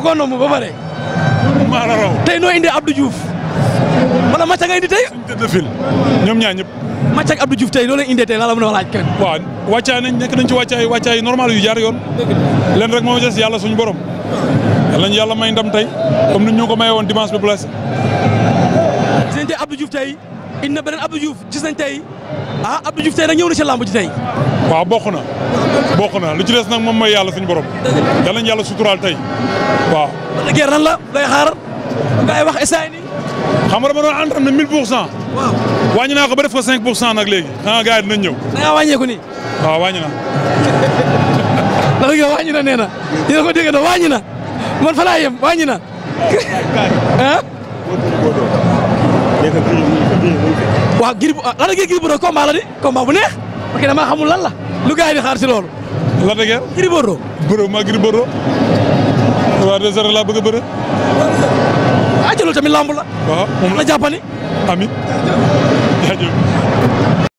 nga koo nomb ba pare. maa la raw tey noo indee Abdou Diouf. wala Macha nga indi tey. suñu tëdd fil ñoom ñaar ñëpp. Macha ak Abdou Diouf tey loolu indee tey laa la mën a laaj kenn. waaw nekk nañ nekk nañ ci wàccaay yi normal yu jaar yoon. leen rek moo des yàlla ñu borom. yàlla ñu yàlla may ndam tey comme ni ñu ko maye woon dimanche bi placé. sëñ Abdou Diouf tey indi na beneen Abdou Diouf gis nañ tey a ah, Abdou Diouf tey nag ñëw na ci làmb ji tey. waaw bokk na bokk na lu ci des nag moom mooy yàlla suñu borom. yal nañu yàlla suturaal tey waaw. la guerre lan la lay xaar ngay wax essai ni xam nga dama doon entraîné na pour cent. waaw wàññi naa ko ba def ko 5 nag léegi xanaa ah, gars yi dinañ ñëw. da ngaa wàññeeku nii. waaw wàññi naa. ndax yow wàññi na nee na a ko dégg na wàññi man fa laa yem waaw Gris Lac de Guiers Gris Bordeaux combat la di combat bu neex parce que damaa xamul lan la lu gars yi di xaar si loolu. Lac de Guiers Gris Bordeaux. Bordeaux maa Gris Bordeaux. waa deux heures laa bëgg a bëre. ah jëlul tamit lamb la. waaw moom la jàppani. amiin jaajëf.